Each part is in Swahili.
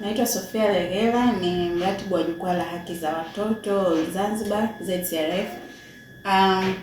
Naitwa Sofia Legela, ni mratibu wa jukwaa la haki za watoto Zanzibar ZCRF. Um,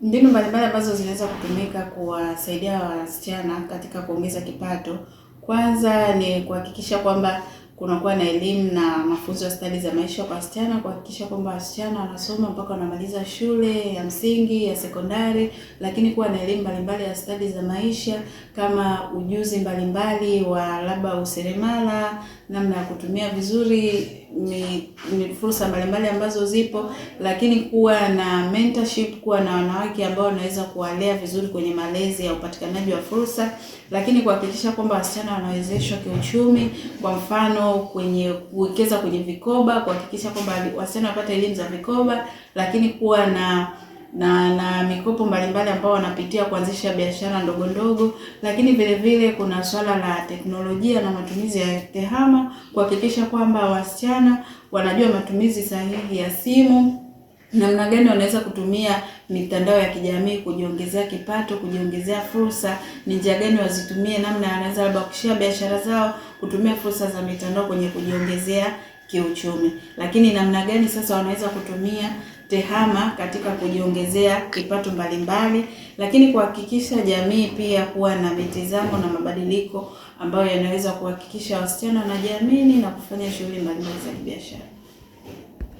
mbinu mbalimbali ambazo zinaweza kutumika kuwasaidia wasichana katika kuongeza kipato, kwanza ni kuhakikisha kwamba kunakuwa na elimu na mafunzo ya stadi za maisha kwa wasichana, kuhakikisha kwamba wasichana wanasoma mpaka wanamaliza shule ya msingi, ya sekondari, lakini kuwa na elimu mbalimbali ya stadi za maisha kama ujuzi mbalimbali mbali wa labda useremala, namna ya kutumia vizuri ni, ni fursa mbalimbali ambazo zipo, lakini kuwa na mentorship, kuwa na wanawake ambao wanaweza kuwalea vizuri kwenye malezi ya upatikanaji wa fursa, lakini kuhakikisha kwamba wasichana wanawezeshwa kiuchumi, kwa mfano kwenye kuwekeza kwenye vikoba, kuhakikisha kwamba wasichana wapata elimu za vikoba, lakini kuwa na na na mikopo mbalimbali ambao wanapitia kuanzisha biashara ndogo ndogo, lakini vile vile kuna swala la teknolojia na matumizi ya tehama kuhakikisha kwamba wasichana wanajua matumizi sahihi ya simu namna gani wanaweza kutumia mitandao ya kijamii kujiongezea kipato, kujiongezea fursa. Ni njia gani wazitumie, namna wanaweza labda kushia biashara zao, kutumia fursa za mitandao kwenye kujiongezea kiuchumi, lakini namna gani sasa wanaweza kutumia tehama katika kujiongezea kipato mbalimbali, lakini kuhakikisha jamii pia kuwa na mitizamo na mabadiliko ambayo yanaweza kuhakikisha wasichana wanajamini na kufanya shughuli mbalimbali za kibiashara.